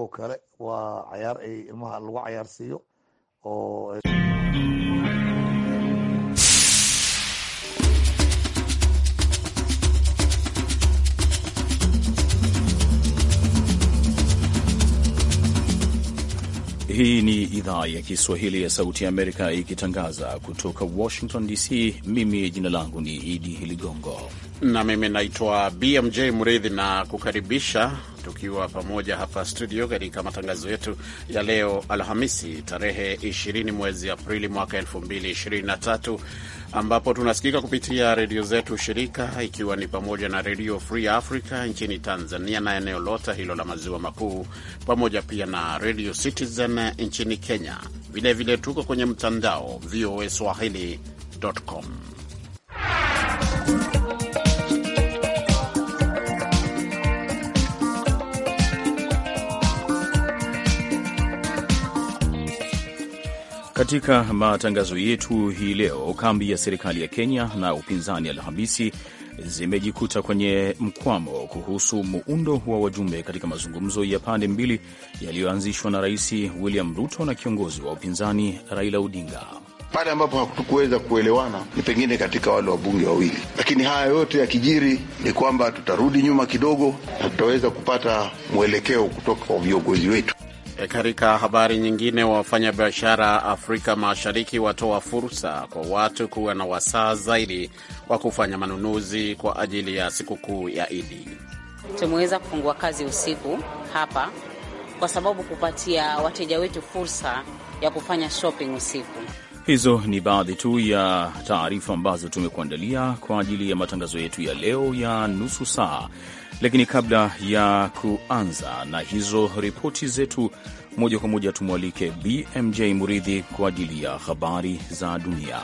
oo kale waa cayaar ay ilmaha lagu cayaarsiiyo oo eh, Hii ni idhaa ya Kiswahili ya Sauti ya Amerika ikitangaza kutoka Washington DC. Mimi jina langu ni Idi Ligongo na mimi naitwa BMJ Mridhi na kukaribisha tukiwa pamoja hapa studio katika matangazo yetu ya leo Alhamisi tarehe 20 mwezi Aprili mwaka 2023 ambapo tunasikika kupitia redio zetu shirika ikiwa ni pamoja na Redio Free Africa nchini Tanzania na eneo lote hilo la maziwa makuu, pamoja pia na Redio Citizen nchini Kenya. Vilevile vile tuko kwenye mtandao voa swahili.com Katika matangazo yetu hii leo, kambi ya serikali ya Kenya na upinzani Alhamisi zimejikuta kwenye mkwamo kuhusu muundo wa wajumbe katika mazungumzo ya pande mbili yaliyoanzishwa na Rais William Ruto na kiongozi wa upinzani Raila Odinga. Pale ambapo hatukuweza kuelewana ni pengine katika wale wabunge wawili, lakini haya yote yakijiri ni kwamba tutarudi nyuma kidogo na tutaweza kupata mwelekeo kutoka kwa viongozi wetu. E, katika habari nyingine, wafanyabiashara Afrika Mashariki watoa fursa kwa watu kuwa na wasaa zaidi wa kufanya manunuzi kwa ajili ya sikukuu ya Idi. Tumeweza kufungua kazi usiku hapa kwa sababu kupatia wateja wetu fursa ya kufanya shopping usiku. Hizo ni baadhi tu ya taarifa ambazo tumekuandalia kwa ajili ya matangazo yetu ya leo ya nusu saa. Lakini kabla ya kuanza na hizo ripoti zetu, moja kwa moja tumwalike BMJ Muridhi kwa ajili ya habari za dunia.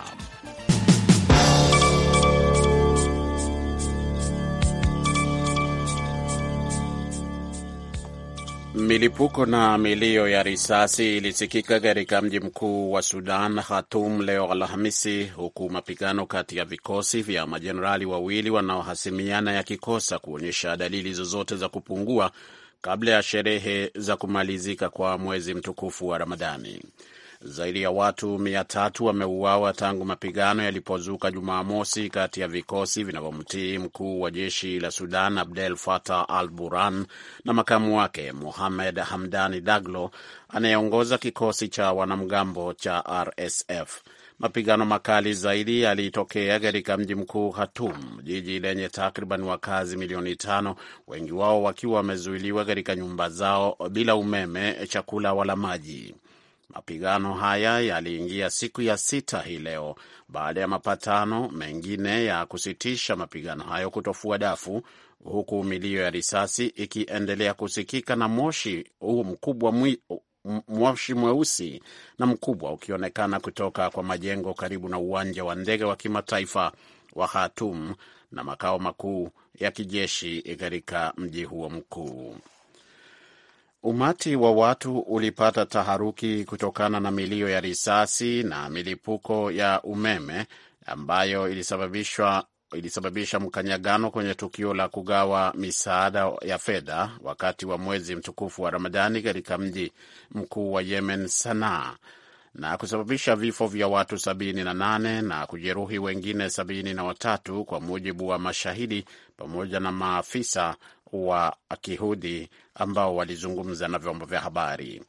Milipuko na milio ya risasi ilisikika katika mji mkuu wa Sudan, Khartoum, leo Alhamisi, huku mapigano kati ya vikosi vya majenerali wawili wanaohasimiana yakikosa kuonyesha dalili zozote za kupungua kabla ya sherehe za kumalizika kwa mwezi mtukufu wa Ramadhani. Zaidi ya watu mia tatu wameuawa tangu mapigano yalipozuka Jumamosi kati ya vikosi vinavyomtii mkuu wa jeshi la Sudan Abdel fatah al buran na makamu wake muhamed Hamdani Daglo anayeongoza kikosi cha wanamgambo cha RSF. Mapigano makali zaidi yalitokea katika mji mkuu Khartoum, jiji lenye takriban wakazi milioni tano, wengi wao wakiwa wamezuiliwa katika nyumba zao bila umeme, chakula wala maji. Mapigano haya yaliingia siku ya sita hii leo baada ya mapatano mengine ya kusitisha mapigano hayo kutofua dafu, huku milio ya risasi ikiendelea kusikika na moshi huu mkubwa mwi moshi mweusi na mkubwa ukionekana kutoka kwa majengo karibu na uwanja wa ndege wa kimataifa wa Khartoum na makao makuu ya kijeshi katika mji huo mkuu. Umati wa watu ulipata taharuki kutokana na milio ya risasi na milipuko ya umeme ambayo ilisababishwa ilisababisha mkanyagano kwenye tukio la kugawa misaada ya fedha wakati wa mwezi mtukufu wa Ramadhani katika mji mkuu wa Yemen, Sanaa, na kusababisha vifo vya watu 78 na kujeruhi wengine 73 kwa mujibu wa mashahidi pamoja na maafisa wa kihudi ambao walizungumza na vyombo vya habari.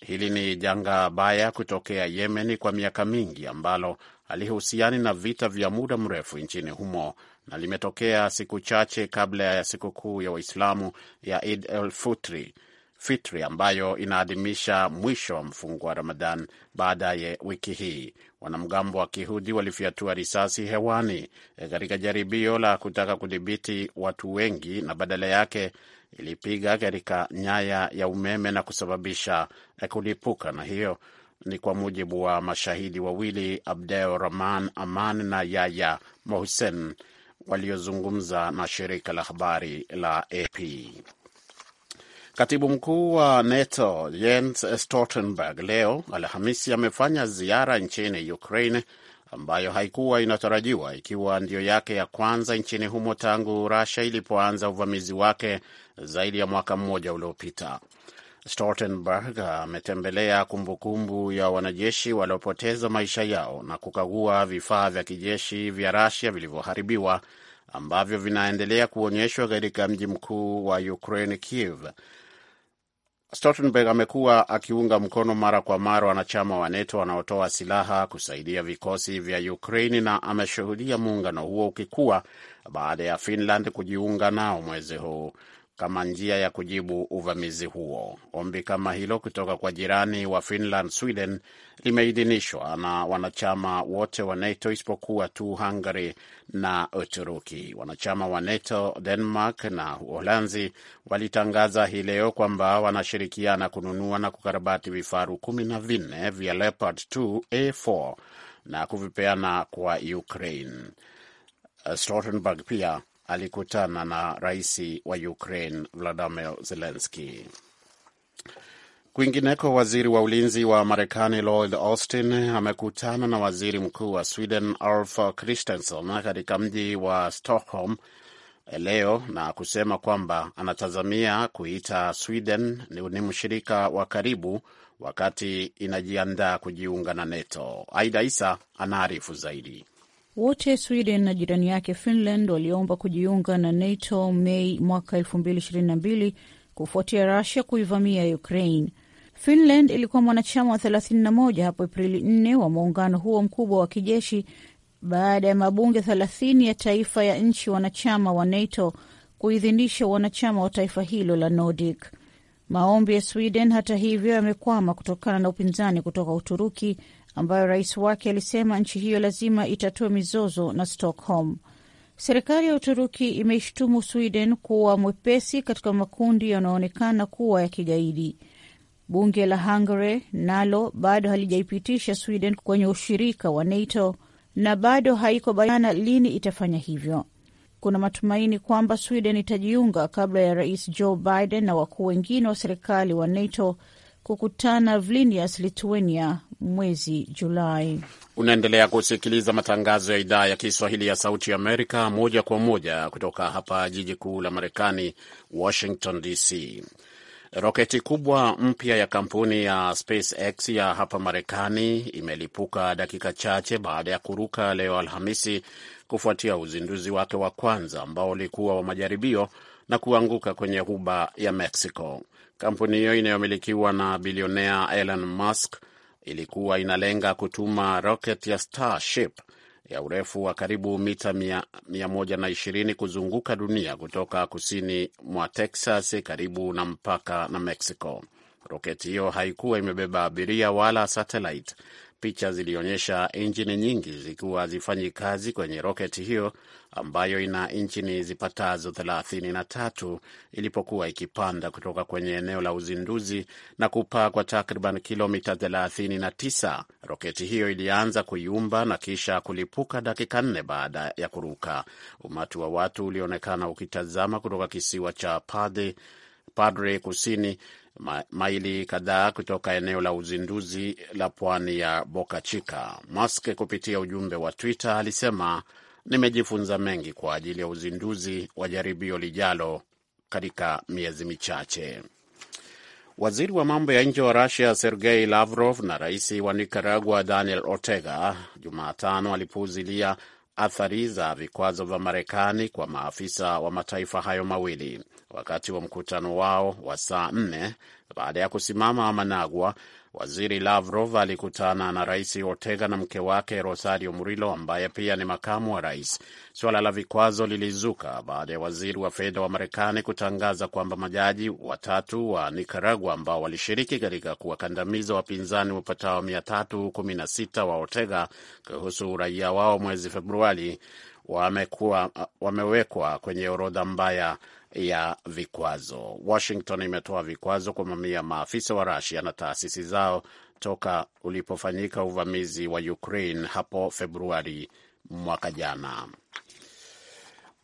Hili ni janga baya kutokea Yemeni kwa miaka mingi ambalo alihusiani na vita vya muda mrefu nchini humo na limetokea siku chache kabla ya sikukuu ya Waislamu ya Id el Fitri Fitri ambayo inaadhimisha mwisho wa mfungo wa Ramadhan baadaye wiki hii. Wanamgambo wa kihudi walifyatua risasi hewani e, katika jaribio la kutaka kudhibiti watu wengi, na badala yake ilipiga katika nyaya ya umeme na kusababisha e, kulipuka, na hiyo ni kwa mujibu wa mashahidi wawili Abdel Rahman Aman na yaya Mohsen waliozungumza na shirika la habari la AP. Katibu mkuu wa NATO Jens Stoltenberg leo Alhamisi amefanya ziara nchini Ukraine ambayo haikuwa inatarajiwa, ikiwa ndio yake ya kwanza nchini humo tangu rasia ilipoanza uvamizi wake zaidi ya mwaka mmoja uliopita. Stoltenberg ametembelea kumbukumbu ya wanajeshi waliopoteza maisha yao na kukagua vifaa vya kijeshi vya rasia vilivyoharibiwa ambavyo vinaendelea kuonyeshwa katika mji mkuu wa Ukraine, Kiev. Stoltenberg amekuwa akiunga mkono mara kwa mara wanachama wa NATO wanaotoa silaha kusaidia vikosi vya ukrain na ameshuhudia muungano huo ukikua baada ya Finland kujiunga nao mwezi huu kama njia ya kujibu uvamizi huo. Ombi kama hilo kutoka kwa jirani wa Finland, Sweden, limeidhinishwa na wanachama wote wa NATO isipokuwa tu Hungary na Uturuki. Wanachama wa NATO, Denmark na Uholanzi walitangaza hii leo kwamba wanashirikiana kununua na kukarabati vifaru kumi na vinne vya Leopard 2 A4 na kuvipeana kwa Ukraine. Stoltenberg pia alikutana na rais wa Ukraine Vladimir zelenski Kwingineko, waziri wa ulinzi wa Marekani Lloyd Austin amekutana na waziri mkuu wa Sweden Ulf Kristersson katika mji wa Stockholm leo na kusema kwamba anatazamia kuita Sweden ni mshirika wa karibu wakati inajiandaa kujiunga na NATO. Aida Isa anaarifu zaidi. Wote Sweden na jirani yake Finland waliomba kujiunga na NATO Mei mwaka 2022 kufuatia Rusia kuivamia Ukraine. Finland ilikuwa mwanachama wa 31 hapo Aprili 4 wa muungano huo mkubwa wa kijeshi baada ya mabunge 30 ya taifa ya nchi wanachama wa NATO kuidhinisha wanachama wa taifa hilo la Nordic. Maombi ya Sweden hata hivyo yamekwama kutokana na upinzani kutoka Uturuki ambayo rais wake alisema nchi hiyo lazima itatua mizozo na Stockholm. Serikali ya Uturuki imeishtumu Sweden kuwa mwepesi katika makundi yanayoonekana kuwa ya kigaidi. Bunge la Hungary nalo bado halijaipitisha Sweden kwenye ushirika wa NATO na bado haiko bayana lini itafanya hivyo. Kuna matumaini kwamba Sweden itajiunga kabla ya rais Joe Biden na wakuu wengine wa serikali wa NATO kukutana Vilnius, Lithuania mwezi Julai. Unaendelea kusikiliza matangazo ya idhaa ya Kiswahili ya Sauti Amerika moja kwa moja kutoka hapa jiji kuu la Marekani, Washington DC. Roketi kubwa mpya ya kampuni ya SpaceX ya hapa Marekani imelipuka dakika chache baada ya kuruka leo Alhamisi, kufuatia uzinduzi wake wa kwanza ambao ulikuwa wa majaribio na kuanguka kwenye ghuba ya Mexico. Kampuni hiyo inayomilikiwa na bilionea Elon Musk ilikuwa inalenga kutuma rocket ya Starship ya urefu wa karibu mita 120 kuzunguka dunia kutoka kusini mwa Texas karibu na mpaka na Mexico. Roketi hiyo haikuwa imebeba abiria wala satellite. Picha zilionyesha injini nyingi zikiwa hazifanyi kazi kwenye roketi hiyo ambayo ina injini zipatazo 33 ilipokuwa ikipanda kutoka kwenye eneo la uzinduzi na kupaa kwa takriban kilomita 39. Roketi hiyo ilianza kuyumba na kisha kulipuka dakika nne baada ya kuruka. Umati wa watu ulionekana ukitazama kutoka kisiwa cha padhi Padre kusini ma, maili kadhaa kutoka eneo la uzinduzi la pwani ya Boca Chica. Musk kupitia ujumbe wa Twitter alisema nimejifunza mengi kwa ajili ya uzinduzi wa jaribio lijalo katika miezi michache. Waziri wa mambo ya nje wa Rusia Sergei Lavrov na rais wa nikaragua Daniel Ortega Jumatano alipuuzilia athari za vikwazo vya Marekani kwa maafisa wa mataifa hayo mawili wakati wa mkutano wao wa saa nne baada ya kusimama Managua Waziri Lavrov alikutana na Rais Ortega na mke wake Rosario Murillo ambaye pia ni makamu wa rais. Suala la vikwazo lilizuka baada ya waziri wa fedha wa Marekani kutangaza kwamba majaji watatu wa nikaragua ambao walishiriki katika kuwakandamiza wapinzani wapatao 316 wa Ortega kuhusu uraia wao mwezi Februari wamekuwa wamewekwa kwenye orodha mbaya ya vikwazo. Washington imetoa vikwazo kwa mamia maafisa wa Rusia na taasisi zao toka ulipofanyika uvamizi wa Ukraine hapo Februari mwaka jana.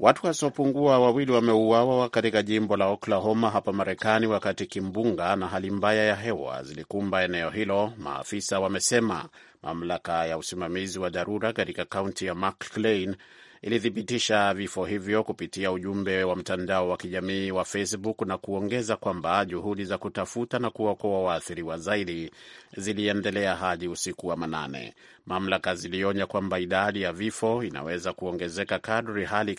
Watu wasiopungua wawili wameuawa katika jimbo la Oklahoma hapa Marekani wakati kimbunga na hali mbaya ya hewa zilikumba eneo hilo, maafisa wamesema. Mamlaka ya usimamizi wa dharura katika kaunti ya McClain ilithibitisha vifo hivyo kupitia ujumbe wa mtandao wa kijamii wa Facebook na kuongeza kwamba juhudi za kutafuta na kuokoa waathiriwa zaidi ziliendelea hadi usiku wa manane. Mamlaka zilionya kwamba idadi ya vifo inaweza kuongezeka kadri hali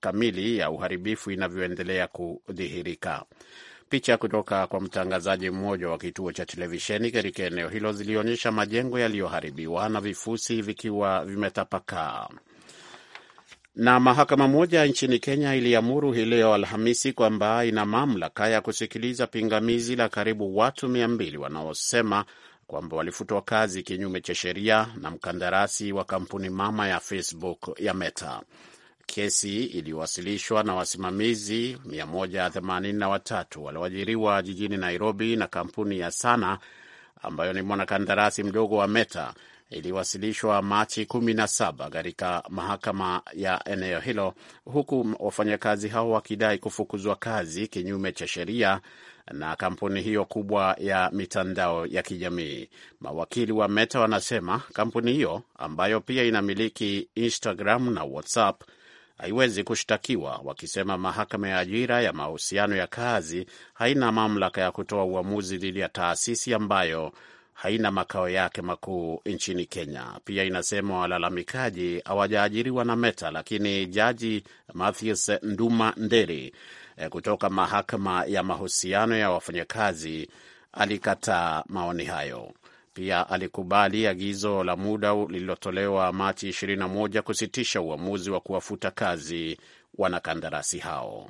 kamili ya uharibifu inavyoendelea kudhihirika. Picha kutoka kwa mtangazaji mmoja wa kituo cha televisheni katika eneo hilo zilionyesha majengo yaliyoharibiwa na vifusi vikiwa vimetapakaa. Na mahakama moja nchini Kenya iliamuru hii leo Alhamisi kwamba ina mamlaka ya kusikiliza pingamizi la karibu watu mia mbili wanaosema kwamba walifutwa kazi kinyume cha sheria na mkandarasi wa kampuni mama ya Facebook ya Meta. Kesi iliyowasilishwa na wasimamizi 183 walioajiriwa jijini Nairobi na kampuni ya Sana ambayo ni mwanakandarasi mdogo wa Meta iliwasilishwa Machi 17 katika mahakama ya eneo hilo, huku wafanyakazi hao wakidai kufukuzwa kazi kinyume cha sheria na kampuni hiyo kubwa ya mitandao ya kijamii. Mawakili wa Meta wanasema kampuni hiyo ambayo pia inamiliki Instagram na WhatsApp haiwezi kushtakiwa, wakisema mahakama ya ajira ya mahusiano ya kazi haina mamlaka ya kutoa uamuzi dhidi ya taasisi ambayo haina makao yake makuu nchini Kenya. Pia inasema walalamikaji hawajaajiriwa na Meta, lakini Jaji Mathias Nduma Nderi eh, kutoka mahakama ya mahusiano ya wafanyakazi alikataa maoni hayo. Pia alikubali agizo la muda lililotolewa Machi 21 kusitisha uamuzi wa kuwafuta kazi wanakandarasi hao.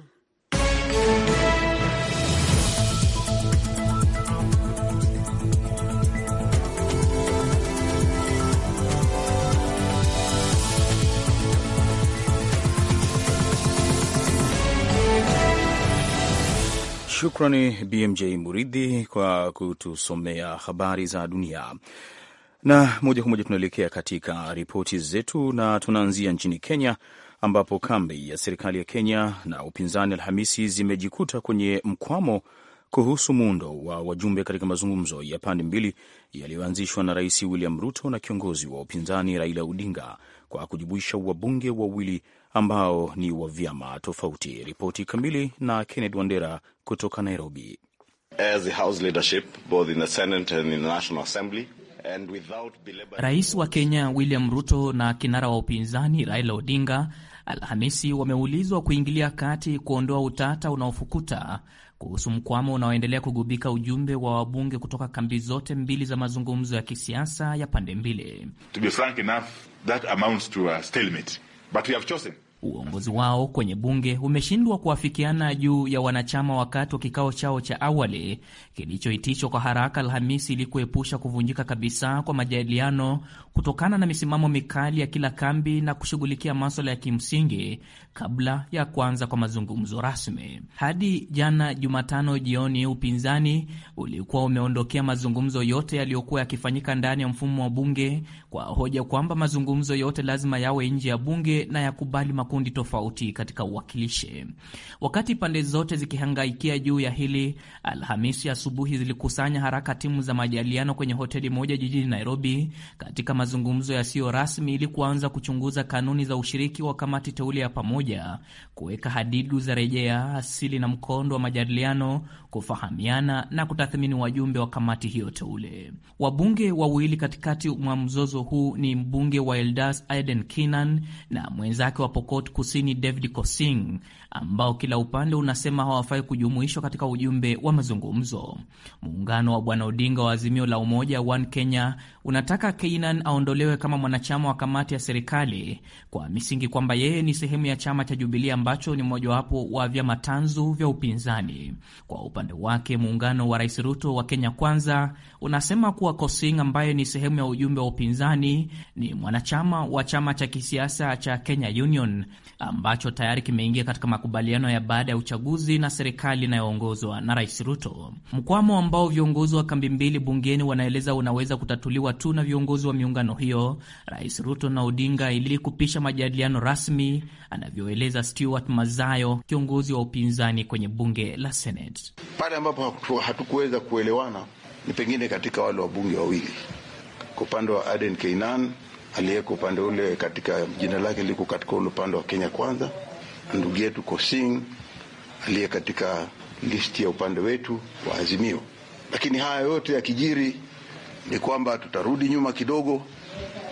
Shukrani BMJ Muridhi kwa kutusomea habari za dunia. Na moja kwa moja tunaelekea katika ripoti zetu, na tunaanzia nchini Kenya ambapo kambi ya serikali ya Kenya na upinzani Alhamisi zimejikuta kwenye mkwamo kuhusu muundo wa wajumbe katika mazungumzo ya pande mbili yaliyoanzishwa na Rais William Ruto na kiongozi wa upinzani Raila Odinga kwa kujibuisha wabunge wawili ambao ni wa vyama tofauti. Ripoti kamili na Kenneth Wandera kutoka Nairobi. Rais wa Kenya William Ruto na kinara wa upinzani Raila Odinga Alhamisi wameulizwa kuingilia kati kuondoa utata unaofukuta kuhusu mkwamo unaoendelea kugubika ujumbe wa wabunge kutoka kambi zote mbili za mazungumzo ya kisiasa ya pande mbili. To be frank enough, that amounts to a stalemate. But we have chosen. Uongozi wao kwenye bunge umeshindwa kuafikiana juu ya wanachama wakati wa kikao chao cha awali kilichoitishwa kwa haraka Alhamisi ili kuepusha kuvunjika kabisa kwa majadiliano kutokana na misimamo mikali ya kila kambi na kushughulikia maswala ya kimsingi kabla ya kuanza kwa mazungumzo rasmi. Hadi jana Jumatano jioni, upinzani ulikuwa umeondokea mazungumzo yote yaliyokuwa yakifanyika ndani ya mfumo wa bunge kwa hoja kwamba mazungumzo yote lazima yawe nje ya bunge na yakubali makundi tofauti katika uwakilishi. Wakati pande zote zikihangaikia juu ya hili, Alhamisi asubuhi zilikusanya haraka timu za majadiliano kwenye hoteli moja jijini Nairobi katika mazungumzo yasiyo rasmi ili kuanza kuchunguza kanuni za ushiriki wa kamati teule ya pamoja, kuweka hadidu za rejea asili na mkondo wa majadiliano, kufahamiana na kutathmini wajumbe wa kamati hiyo teule. Wabunge wawili katikati mwa mzozo huu ni mbunge wa Eldas Aiden Kinan na mwenzake wa Pokot Kusini David Kosing ambao kila upande unasema hawafai kujumuishwa katika ujumbe wa mazungumzo. Muungano wa Bwana Odinga wa Azimio la Umoja One Kenya unataka Keynan aondolewe kama mwanachama wa kamati ya serikali kwa misingi kwamba yeye ni sehemu ya chama cha jubilia ambacho ni mmojawapo wa vyama tanzu vya upinzani. Kwa upande wake, muungano wa Rais Ruto wa Kenya Kwanza unasema kuwa Kosing ambaye ni sehemu ya ujumbe wa upinzani ni mwanachama wa chama cha kisiasa cha Kenya Union ambacho tayari kimeingia katika makubaliano ya baada ya uchaguzi na serikali inayoongozwa na Rais Ruto, mkwamo ambao viongozi wa kambi mbili bungeni wanaeleza unaweza kutatuliwa tu na viongozi wa miungano hiyo, Rais Ruto na Odinga, ili kupisha majadiliano rasmi, anavyoeleza Stuart Mazayo, kiongozi wa upinzani kwenye bunge la Senate. Pale ambapo hatukuweza kuelewana ni pengine katika wale wabunge wawili, kwa upande wa Aden Keinan aliyeko upande ule katika jina lake liko katika ule upande wa Kenya Kwanza ndugu yetu Kosing aliye katika listi ya upande wetu wa Azimio. Lakini haya yote yakijiri, ni kwamba tutarudi nyuma kidogo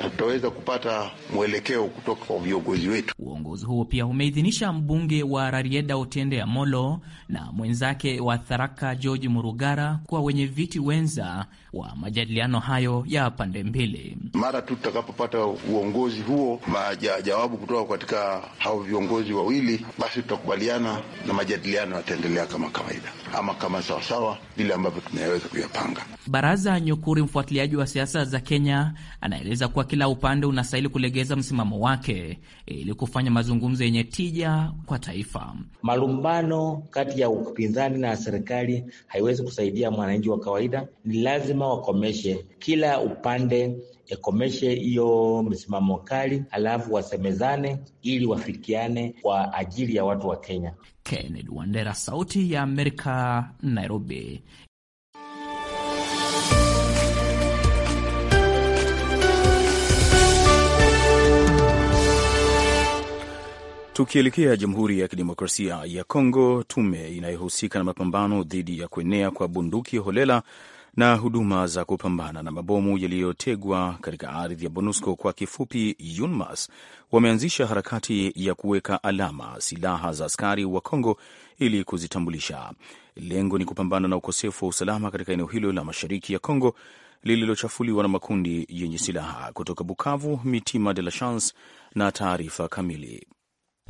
na tutaweza kupata mwelekeo kutoka kwa viongozi wetu. Uongozi huo pia umeidhinisha mbunge wa Rarieda ya molo na mwenzake wa Tharaka George Murugara kuwa wenye viti wenza wa majadiliano hayo ya pande mbili. Mara tu tutakapopata uongozi huo, majawabu kutoka katika hao viongozi wawili, basi tutakubaliana na majadiliano yataendelea kama kawaida ama kama sawasawa vile ambavyo tunaweza kuyapanga. Baraza Nyukuri, mfuatiliaji wa siasa za Kenya, anaeleza kuwa kila upande unastahili kulegeza msimamo wake ili kufanya mazungumzo yenye tija kwa taifa. Malumbano kati ya upinzani na serikali haiwezi kusaidia mwananchi wa kawaida. Ni lazima wakomeshe, kila upande ekomeshe hiyo msimamo kali, alafu wasemezane ili wafikiane kwa ajili ya watu wa Kenya. Kennedy Wandera, Sauti ya Amerika, Nairobi. Tukielekea Jamhuri ya Kidemokrasia ya Kongo, tume inayohusika na mapambano dhidi ya kuenea kwa bunduki holela na huduma za kupambana na mabomu yaliyotegwa katika ardhi ya bonusco kwa kifupi UNMAS wameanzisha harakati ya kuweka alama silaha za askari wa Kongo ili kuzitambulisha. Lengo ni kupambana na ukosefu wa usalama katika eneo hilo la mashariki ya Kongo lililochafuliwa na makundi yenye silaha. Kutoka Bukavu, Mitima de la Chance na taarifa kamili.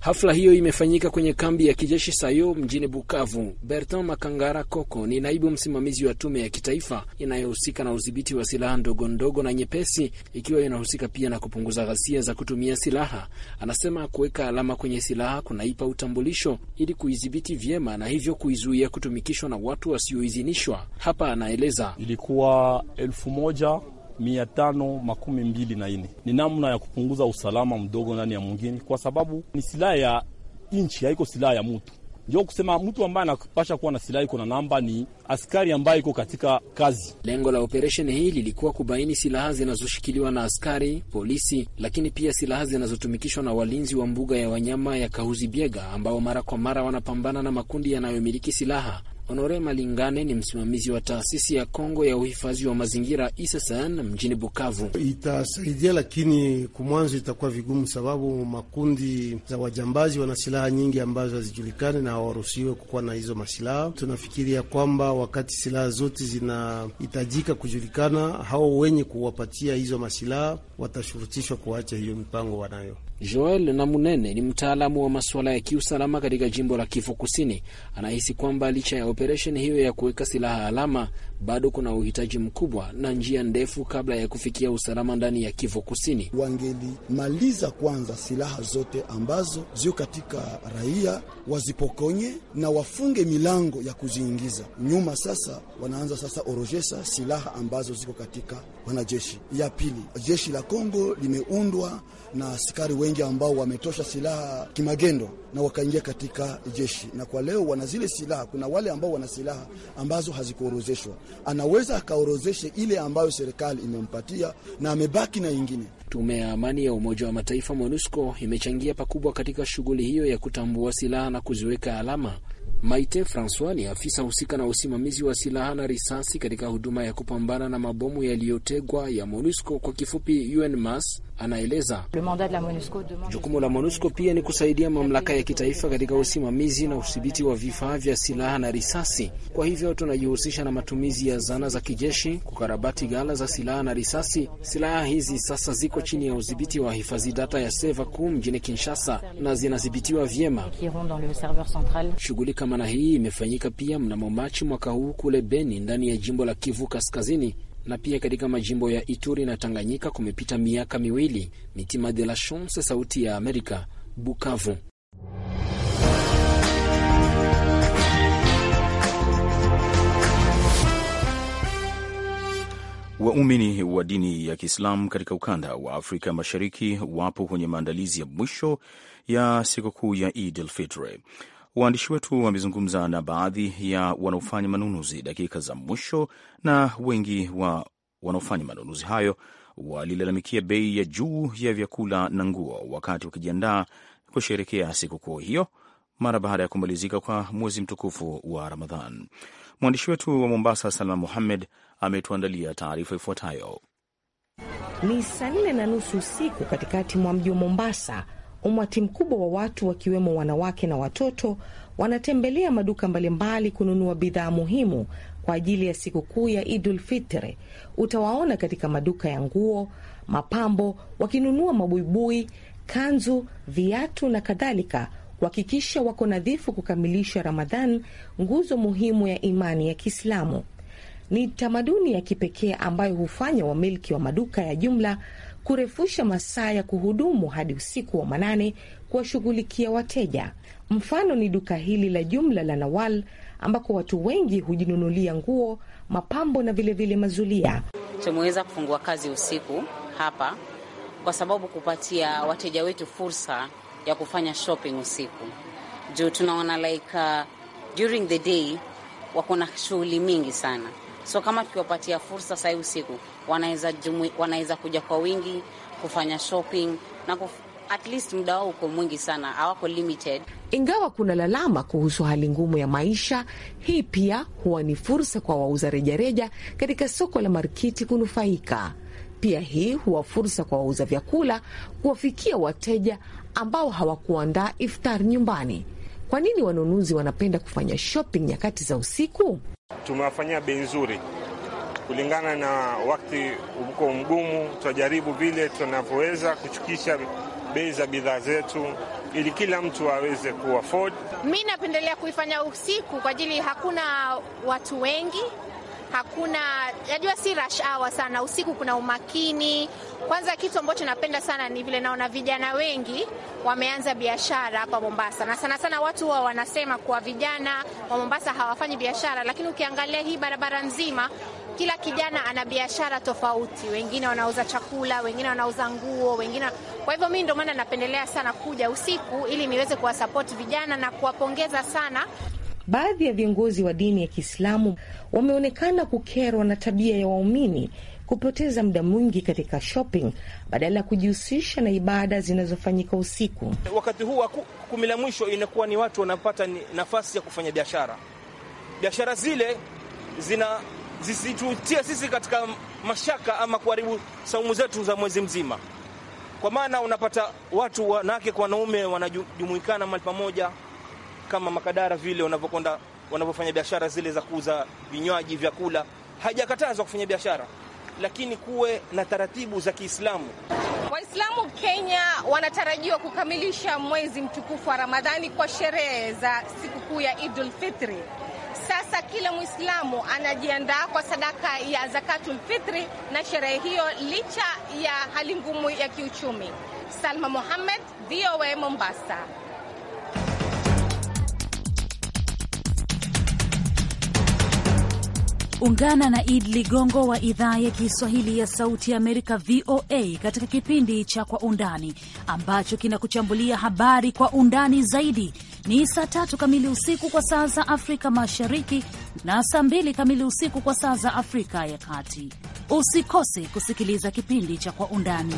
Hafla hiyo imefanyika kwenye kambi ya kijeshi Sayo mjini Bukavu. Berton Makangara Koko ni naibu msimamizi wa tume ya kitaifa inayohusika na udhibiti wa silaha ndogo ndogo na nyepesi, ikiwa inahusika pia na kupunguza ghasia za kutumia silaha. Anasema kuweka alama kwenye silaha kunaipa utambulisho ili kuidhibiti vyema na hivyo kuizuia kutumikishwa na watu wasioidhinishwa. Hapa anaeleza ilikuwa elfu moja mia tano makumi mbili na nne. Ni namna ya kupunguza usalama mdogo ndani ya mwingine, kwa sababu ni silaha ya nchi, haiko silaha ya mtu. Ndio kusema mtu ambaye anapasha kuwa na silaha iko na namba ni askari ambaye iko katika kazi. Lengo la operesheni hii lilikuwa kubaini silaha zinazoshikiliwa na askari polisi, lakini pia silaha zinazotumikishwa na walinzi wa mbuga ya wanyama ya Kahuzi Biega ambao mara kwa mara wanapambana na makundi yanayomiliki silaha Honore Malingane ni msimamizi wa taasisi ya Kongo ya uhifadhi wa mazingira ISSN mjini Bukavu. Itasaidia, lakini kumwanzo itakuwa vigumu, sababu makundi za wajambazi wana silaha nyingi ambazo hazijulikani na hawaruhusiwe kukuwa na hizo masilaha. Tunafikiria kwamba wakati silaha zote zinahitajika kujulikana, hao wenye kuwapatia hizo masilaha watashurutishwa kuacha hiyo mipango wanayo. Joel Namunene ni mtaalamu wa masuala ya kiusalama katika jimbo la Kivu Kusini. Anahisi kwamba licha ya operesheni hiyo ya kuweka silaha alama, bado kuna uhitaji mkubwa na njia ndefu kabla ya kufikia usalama ndani ya Kivu Kusini. Wangelimaliza kwanza silaha zote ambazo zio katika raia, wazipokonye na wafunge milango ya kuziingiza nyuma. Sasa wanaanza sasa orojesa silaha ambazo ziko katika wanajeshi. Ya pili, jeshi la Kongo limeundwa na askari wengi ambao wametosha silaha kimagendo na wakaingia katika jeshi, na kwa leo wana zile silaha. Kuna wale ambao wana silaha ambazo hazikuorozeshwa anaweza akaorozeshe ile ambayo serikali imempatia na amebaki na ingine. Tume ya amani ya Umoja wa Mataifa MONUSCO imechangia pakubwa katika shughuli hiyo ya kutambua silaha na kuziweka alama. Maite Francois ni afisa husika na usimamizi wa silaha na risasi katika huduma ya kupambana na mabomu yaliyotegwa ya MONUSCO kwa kifupi UNMAS anaeleza jukumu la MONUSCO pia ni kusaidia mamlaka ya kitaifa katika usimamizi na udhibiti wa vifaa vya silaha na risasi. Kwa hivyo tunajihusisha na matumizi ya zana za kijeshi, kukarabati ghala za silaha na risasi. Silaha hizi sasa ziko chini ya udhibiti wa hifadhi data ya seva kuu mjini Kinshasa na zinadhibitiwa vyema. Shughuli kama na hii imefanyika pia mnamo Machi mwaka huu kule Beni, ndani ya jimbo la Kivu Kaskazini na pia katika majimbo ya Ituri na Tanganyika kumepita miaka miwili. Mitima de la Chance, Sauti ya Amerika, Bukavu. Waumini wa dini ya Kiislamu katika ukanda wa Afrika Mashariki wapo kwenye maandalizi ya mwisho ya sikukuu ya Eid el Waandishi wetu wamezungumza na baadhi ya wanaofanya manunuzi dakika za mwisho, na wengi wa wanaofanya manunuzi hayo walilalamikia bei ya juu ya vyakula na nguo wakati wakijiandaa kusherekea sikukuu hiyo mara baada ya kumalizika kwa mwezi mtukufu wa Ramadhan. Mwandishi wetu wa Mombasa, Salma Muhammed, ametuandalia taarifa ifuatayo. Ni saa nne na nusu usiku katikati mwa mji wa Mombasa umati mkubwa wa watu wakiwemo wanawake na watoto wanatembelea maduka mbalimbali kununua bidhaa muhimu kwa ajili ya sikukuu ya Idul Fitri. Utawaona katika maduka ya nguo, mapambo, wakinunua mabuibui, kanzu, viatu na kadhalika, kuhakikisha wako nadhifu kukamilisha Ramadhan, nguzo muhimu ya imani ya Kiislamu. Ni tamaduni ya kipekee ambayo hufanya wamiliki wa maduka ya jumla kurefusha masaa ya kuhudumu hadi usiku wa manane kuwashughulikia wateja. Mfano ni duka hili la jumla la Nawal ambako watu wengi hujinunulia nguo, mapambo na vilevile vile mazulia. Tumeweza kufungua kazi usiku hapa kwa sababu kupatia wateja wetu fursa ya kufanya shopping usiku, juu tunaona like uh, during the day wako na shughuli mingi sana So kama tukiwapatia fursa sahii usiku, wanaweza wanaweza kuja kwa wingi kufanya shopping na kuf at least muda wao uko mwingi sana, hawako limited. Ingawa kuna lalama kuhusu hali ngumu ya maisha, hii pia huwa ni fursa kwa wauza rejareja katika soko la marikiti kunufaika. Pia hii huwa fursa kwa wauza vyakula kuwafikia wateja ambao hawakuandaa iftar nyumbani. Kwa nini wanunuzi wanapenda kufanya shopping nyakati za usiku? Tumewafanyia bei nzuri kulingana na wakati uko mgumu. Tutajaribu vile tunavyoweza kuchukisha bei za bidhaa zetu ili kila mtu aweze kuafford. Mi napendelea kuifanya usiku kwa ajili hakuna watu wengi hakuna, najua si rush hour sana, usiku kuna umakini. Kwanza kitu ambacho napenda sana ni vile naona vijana wengi wameanza biashara hapa Mombasa, na sana sana watu huwa wanasema kuwa vijana wa Mombasa hawafanyi biashara, lakini ukiangalia hii barabara nzima kila kijana ana biashara tofauti. Wengine wanauza chakula, wengine wanauza nguo, wengine. Kwa hivyo mimi ndio maana napendelea sana kuja usiku ili niweze kuwasapoti vijana na kuwapongeza sana Baadhi ya viongozi wa dini ya Kiislamu wameonekana kukerwa na tabia ya waumini kupoteza muda mwingi katika shopping badala ya kujihusisha na ibada zinazofanyika usiku. Wakati huu wa kumi la mwisho inakuwa ni watu wanapata nafasi ya kufanya biashara. Biashara zile zina zisitutia sisi katika mashaka ama kuharibu saumu zetu za mwezi mzima, kwa maana unapata watu wanawake kwa wanaume wanajumuikana mahali pamoja kama Makadara vile wanavyokwenda wanavyofanya biashara zile za kuuza vinywaji, vyakula, hajakatazwa kufanya biashara, lakini kuwe na taratibu za Kiislamu. Waislamu Kenya wanatarajiwa kukamilisha mwezi mtukufu wa Ramadhani kwa sherehe za sikukuu ya Idul Fitri. Sasa kila Mwislamu anajiandaa kwa sadaka ya zakatul fitri na sherehe hiyo licha ya hali ngumu ya kiuchumi. Salma Mohamed, VOA Mombasa. Ungana na Id Ligongo wa idhaa ya Kiswahili ya Sauti ya Amerika, VOA, katika kipindi cha Kwa Undani ambacho kinakuchambulia habari kwa undani zaidi. Ni saa tatu kamili usiku kwa saa za Afrika Mashariki na saa mbili kamili usiku kwa saa za Afrika ya Kati. Usikose kusikiliza kipindi cha Kwa Undani.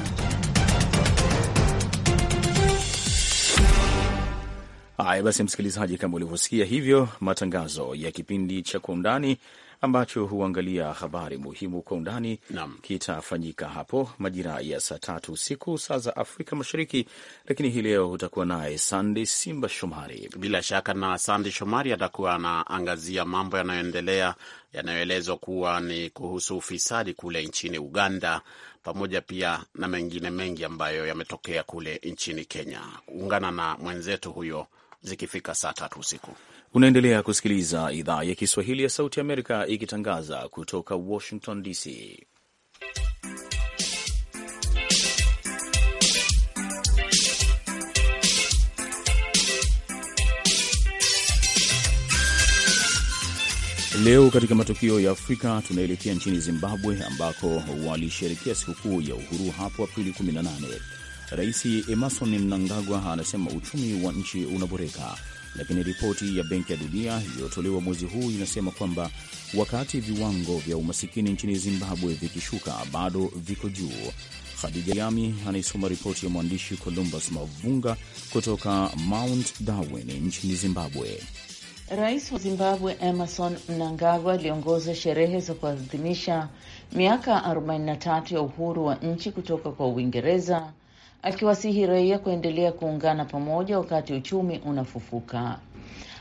Haya basi, msikilizaji, kama ulivyosikia hivyo, matangazo ya kipindi cha Kwa Undani ambacho huangalia habari muhimu kwa undani kitafanyika hapo majira ya saa tatu usiku saa za Afrika Mashariki. Lakini hii leo utakuwa naye Sande Simba Shomari bila shaka, na Sande Shomari atakuwa anaangazia mambo yanayoendelea yanayoelezwa kuwa ni kuhusu ufisadi kule nchini Uganda, pamoja pia na mengine mengi ambayo yametokea kule nchini Kenya. Kuungana na mwenzetu huyo zikifika saa tatu usiku. Unaendelea kusikiliza idhaa ya Kiswahili ya Sauti Amerika ikitangaza kutoka Washington DC. Leo katika matukio ya Afrika tunaelekea nchini Zimbabwe ambako walisherekea sikukuu ya uhuru hapo Aprili 18. Rais Emerson Mnangagwa anasema uchumi wa nchi unaboreka lakini ripoti ya Benki ya Dunia iliyotolewa mwezi huu inasema kwamba wakati viwango vya umasikini nchini Zimbabwe vikishuka, bado viko juu. Khadija Yami anaisoma ripoti ya mwandishi Columbus Mavunga kutoka Mount Darwin nchini Zimbabwe. Rais wa Zimbabwe Emerson Mnangagwa aliongoza sherehe za kuadhimisha miaka 43 ya uhuru wa nchi kutoka kwa Uingereza akiwasihi raia kuendelea kuungana pamoja wakati uchumi unafufuka.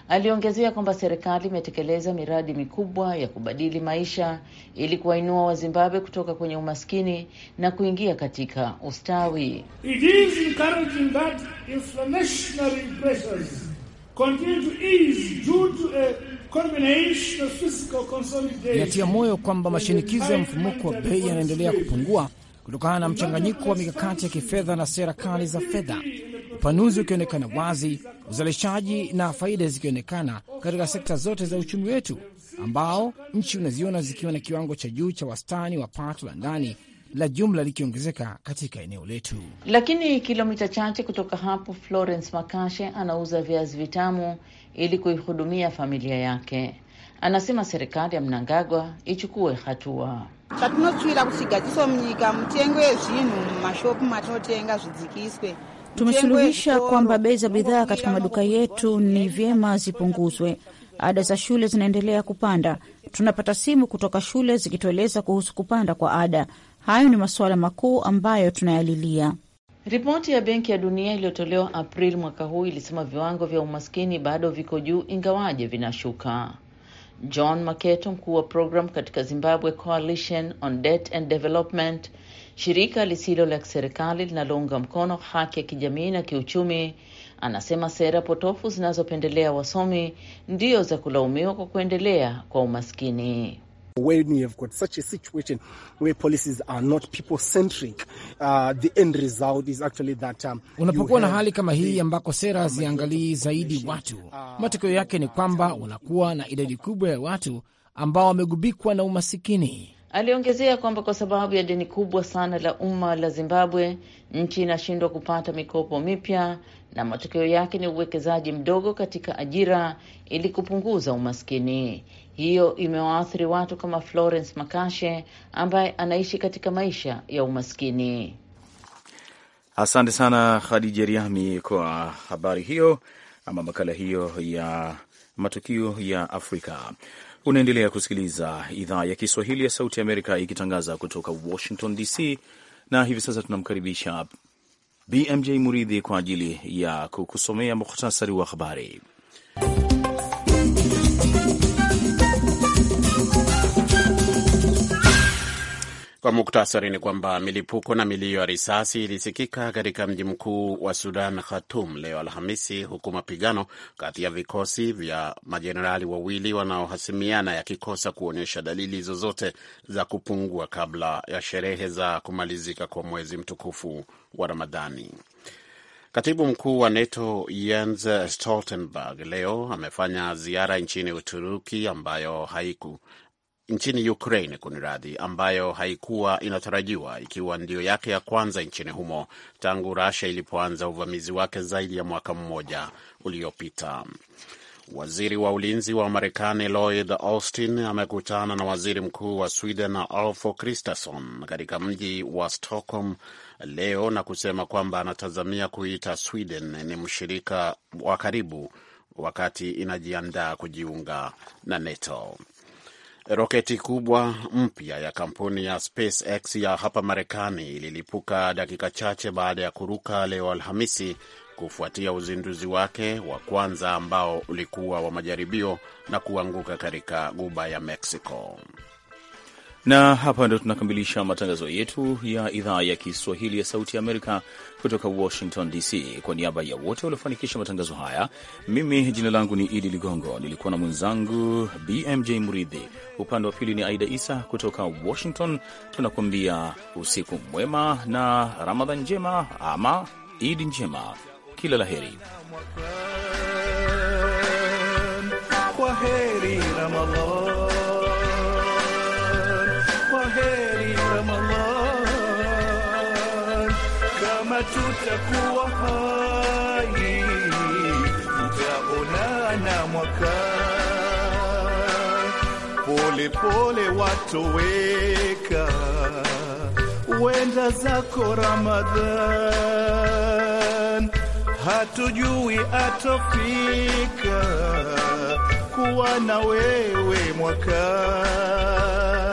Aliongezea kwamba serikali imetekeleza miradi mikubwa ya kubadili maisha ili kuwainua Wazimbabwe kutoka kwenye umaskini na kuingia katika ustawi. It is encouraging that inflationary pressures continue to ease due to a combination of fiscal consolidation. Inatia moyo kwamba mashinikizo ya mfumuko wa bei yanaendelea kupungua kutokana na mchanganyiko wa mikakati ya kifedha na sera kali za fedha, upanuzi ukionekana wazi, uzalishaji na faida zikionekana katika sekta zote za uchumi wetu, ambao nchi unaziona zikiwa na kiwango cha juu cha wastani wa pato la ndani la jumla likiongezeka katika eneo letu. Lakini kilomita chache kutoka hapo, Florence Makashe anauza viazi vitamu ili kuihudumia familia yake. Anasema serikali ya Mnangagwa ichukue hatua zvatinotsvira kuchigadziswa munyika mutengwe yezvinhu mumashopu matinotenga zvidzikiswe Tumesuluhisha kwamba bei za bidhaa katika maduka yetu ni vyema zipunguzwe. Ada za shule zinaendelea kupanda. Tunapata simu kutoka shule zikitueleza kuhusu kupanda kwa ada. Hayo ni masuala makuu ambayo tunayalilia. Ripoti ya Benki ya Dunia iliyotolewa Aprili mwaka huu ilisema viwango vya umaskini bado viko juu, ingawaje vinashuka. John Maketo, mkuu wa program katika Zimbabwe Coalition on Debt and Development, shirika lisilo la kiserikali linalounga mkono haki ya kijamii na kiuchumi, anasema sera potofu zinazopendelea wasomi ndio za kulaumiwa kwa kuendelea kwa umaskini. When you have got such a situation where policies are not people centric, uh, the end result is actually that um, unapokuwa na hali kama hii ambako sera haziangalii zaidi watu, uh, matokeo yake ni kwamba unakuwa na idadi kubwa ya watu ambao wamegubikwa na umasikini. Aliongezea kwamba kwa sababu ya deni kubwa sana la umma la Zimbabwe, nchi inashindwa kupata mikopo mipya na matokeo yake ni uwekezaji mdogo katika ajira ili kupunguza umaskini. Hiyo imewaathiri watu kama Florence Makashe ambaye anaishi katika maisha ya umaskini. Asante sana Khadija Riami kwa habari hiyo ama makala hiyo ya matukio ya Afrika. Unaendelea kusikiliza idhaa ya Kiswahili ya Sauti ya Amerika ikitangaza kutoka Washington DC, na hivi sasa tunamkaribisha BMJ Muridhi kwa ajili ya kukusomea muhtasari wa habari. Kwa muktasari ni kwamba milipuko na milio ya risasi ilisikika katika mji mkuu wa Sudan, Khartoum, leo Alhamisi, huku mapigano kati ya vikosi vya majenerali wawili wanaohasimiana yakikosa kuonyesha dalili zozote za kupungua kabla ya sherehe za kumalizika kwa mwezi mtukufu wa Ramadhani. Katibu mkuu wa NATO Jens Stoltenberg leo amefanya ziara nchini Uturuki ambayo haiku nchini Ukraine kuniradhi, ambayo haikuwa inatarajiwa, ikiwa ndio yake ya kwanza nchini humo tangu Russia ilipoanza uvamizi wake zaidi ya mwaka mmoja uliopita. Waziri wa ulinzi wa Marekani Lloyd Austin amekutana na waziri mkuu wa Sweden Ulf Kristersson katika mji wa Stockholm leo na kusema kwamba anatazamia kuita Sweden ni mshirika wa karibu wakati inajiandaa kujiunga na NATO. Roketi kubwa mpya ya kampuni ya SpaceX ya hapa Marekani ililipuka dakika chache baada ya kuruka leo Alhamisi kufuatia uzinduzi wake wa kwanza ambao ulikuwa wa majaribio na kuanguka katika guba ya Mexico. Na hapa ndo tunakamilisha matangazo yetu ya idhaa ya Kiswahili ya Sauti ya Amerika kutoka Washington DC. Kwa niaba ya wote waliofanikisha matangazo haya, mimi jina langu ni Idi Ligongo, nilikuwa na mwenzangu BMJ Muridhi. Upande wa pili ni Aida Isa kutoka Washington. Tunakuambia usiku mwema na Ramadhan njema ama Idi njema, kila laheri. kuwa hai, tutaonana mwaka Pole pole watoweka, wenda zako Ramadhan, hatujui atofika kuwa na wewe mwaka